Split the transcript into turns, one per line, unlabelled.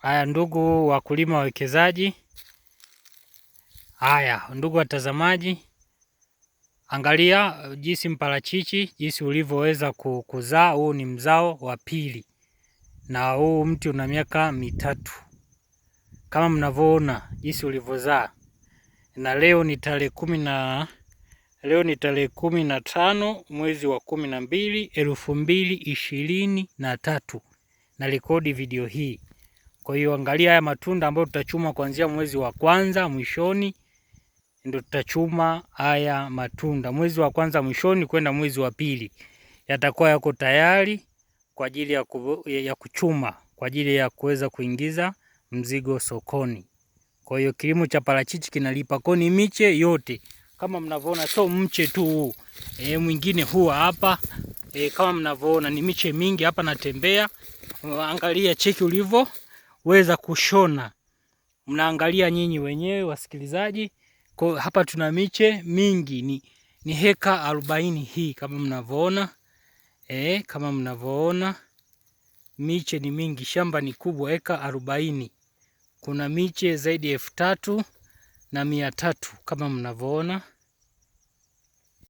Haya, ndugu wakulima wawekezaji, haya ndugu watazamaji, angalia jinsi mparachichi jinsi ulivyoweza kuzaa. Huu ni mzao wa pili na huu mti una miaka mitatu, kama mnavyoona jinsi ulivyozaa. Na leo ni tarehe kumi na leo ni tarehe kumi na tano mwezi wa kumi na mbili elfu mbili ishirini na tatu na rekodi video hii. Kwa hiyo angalia haya matunda ambayo tutachuma kuanzia mwezi wa kwanza mwishoni, ndio tutachuma haya matunda. Mwezi wa kwanza mwishoni kwenda mwezi wa pili yatakuwa yako tayari kwa ajili ya, ya kuchuma kwa ajili ya kuweza kuingiza mzigo sokoni. Kwa hiyo kilimo cha parachichi kinalipa koni, miche yote kama mnavyoona, sio mche tu huu e, mwingine huwa hapa e, kama mnavyoona ni miche mingi hapa natembea, angalia, cheki ulivyo weza kushona. Mnaangalia nyinyi wenyewe wasikilizaji. Kwa hapa tuna miche mingi ni, ni heka arobaini hii kama mnavyoona e, kama mnavyoona miche ni mingi, shamba ni kubwa, heka arobaini. Kuna miche zaidi ya elfu tatu na mia tatu kama mnavyoona.